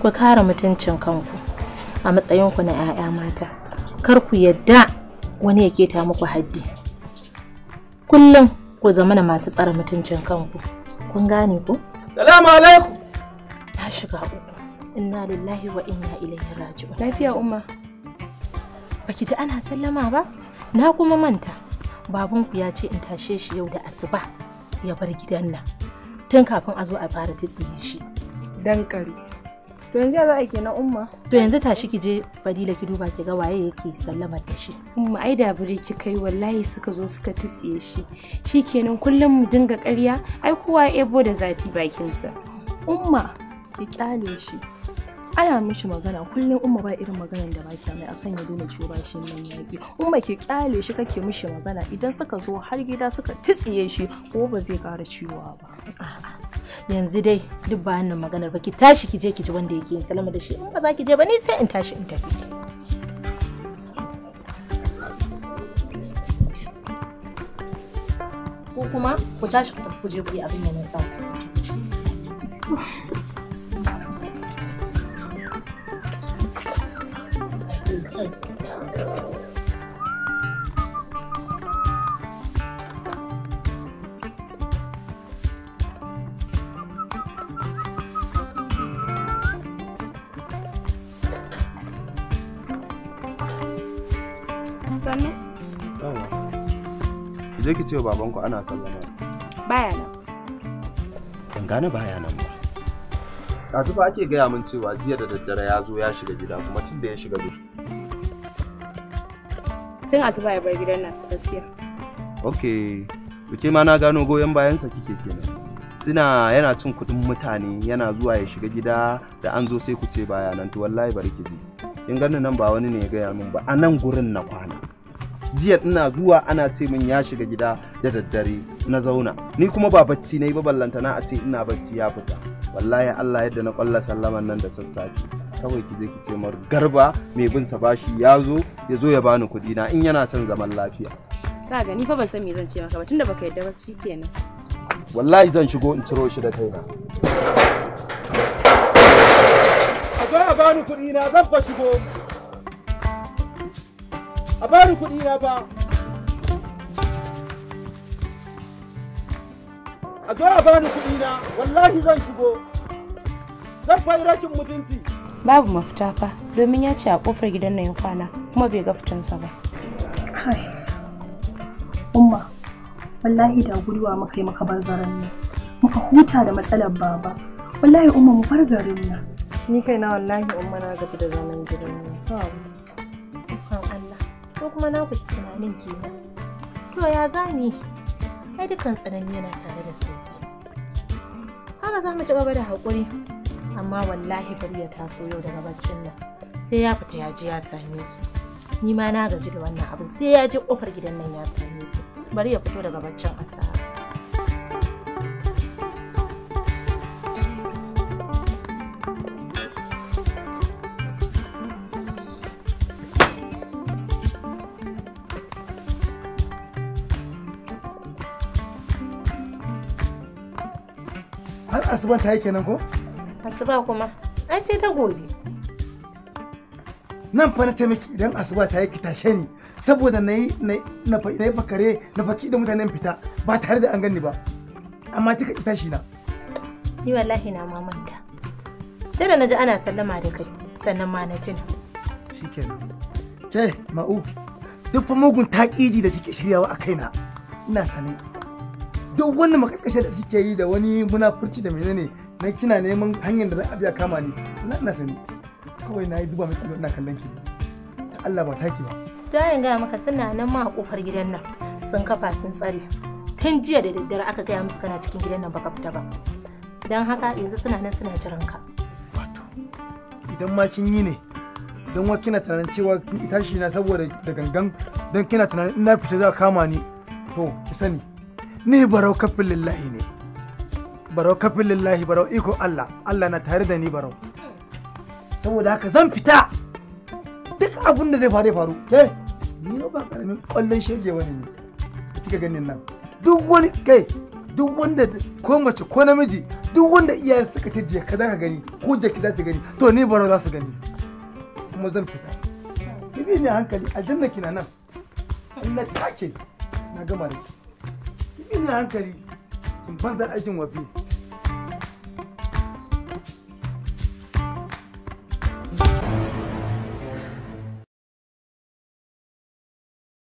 ku kare mutuncin kanku a matsayinku na 'ya'ya mata kar ku yadda wani ya keta muku haddi kullum ku zama na masu tsara mutuncin kanku kun gane ku salamu alaikum ta shiga uku inna lillahi wa inna ilaihi raji'un lafiya umma baki ji ana sallama ba na kuma manta babanku ya ce in tashe shi yau da asuba ya bar gidan nan tun kafin a zo a fara tsiye shi dankali to yanzu ya za a kenan umma to yanzu tashi ki je fadila ki duba ki ga waye yake sallamar da shi umma ai da bure ki kai wallahi suka zo suka tsiye shi shi kenan kullum mu dinga ƙarya ai kowa ya ebo da zafi bakinsa umma ki kyale shi ana mishi magana kullum umma ba irin maganan da baki mai akan ya daina ciwo bashin nan yaki umma ki kyale shi kake mishi magana idan suka zo har gida suka tsiye shi ko ba zai ƙara ciwo ba a'a yanzu dai duk bayan nan maganar ba ki tashi ki je ki ji wanda yake yin salama da shi in ba za ki je ba ni sai in tashi in tafi ko kuma ku tashi ku tafi ku je ku yi abin da na sa Thank you. zo ne? Yawa. Ki je ki ce wa babanku ana sallama. Baya nan. Ban gane baya nan ba. Yanzu fa ake gaya min cewa jiya da daddare ya zo ya shiga gida kuma tun da ya shiga gida. Tun asuba ya bar gidan nan gaskiya. ok Ke ma na gano goyon bayansa kike kenan. suna yana cin kuɗin mutane yana zuwa ya shiga gida da an zo sai ku ce baya nan to wallahi bari ki ji in ganin nan ba wani ne ya gaya min ba a nan gurin na kwana jiya ina zuwa ana ce min ya shiga gida da daddare na zauna ni kuma ba bacci na yi ba ballantana a ce ina bacci ya fita wallahi Allah yadda na kwalla sallaman nan da sassafe kawai ki je ki ce mar garba mai bin sa bashi ya zo ya zo ya bani kuɗi na in yana son zaman lafiya ka gani fa ban san me zan ce maka ba tunda baka yarda ba shi kenan wallahi zan shigo in ciro shi da kaina a zo a bani kuɗi na zan fa shigo a bari kudi na ba a zo a bani kuɗi na wallahi zan shigo zan fayi rashin mutunci babu mafita fa domin ya ce a kofar gidan nan ya kwana kuma bai ga fitansa ba kai umma wallahi da guduwa muka yi maka bar ne muka huta da matsalar baba wallahi umma mu bar garin nan ni kai na wallahi umma na gafi da zaman gidan nan kuma na ku tunanin kenan to ya ni? ai dukkan tsanani yana tare da sauki haka za mu ci gaba da haƙuri amma wallahi bari ya taso yau daga baccin nan sai ya fita ya ji ya same su ni ma na gaji da wannan abin sai ya je kofar gidan nan ya same su bari ya fito daga baccin asara har asuban ta yi kenan ko asuba kuma ai sai ta gobe nan fa na ce miki idan asuba ta yi ki tashe ni saboda na yi na yi fakare na faki da mutanen fita ba tare da an ganni ba amma tika ki tashi na ni wallahi na mamanta sai da naji ana sallama da kai sannan ma na tuna shikenan ke ma'u duk fa mugun taƙidi da take shiryawa a kaina ina sane duk wani makakashe da suke yi da wani munafurci da menene na kina neman hanyar da za a biya kama ni na ina sani kawai na yi zuba mai ido na kallon ki ta Allah ba taki ba da yin gaya maka suna nan ma a kofar gidan nan sun kafa sun tsare tun jiya da daddare aka gaya musu kana cikin gidan nan baka fita ba don haka yanzu suna nan suna jiran ka wato idan ma kin yi ne don wa kina tunanin cewa kin tashi na saboda da gangan don kina tunanin ina fita za a kama ni to ki sani ni barau kafin lillahi ne barau kafin lillahi barau iko Allah Allah na tare da ni barau saboda haka zan fita duk abin da zai faru faru ke ni ba karamin kallon shege wani ne kika ganin nan duk wani kai duk wanda ko mace ko namiji duk wanda iyayen suka ta jiya ka za ka gani ko jaki za ta gani to ni barau za su gani kuma zan fita ki bi ni hankali aljanna kina nan Allah na take na gama da ki ne hankali in banza aikin wafi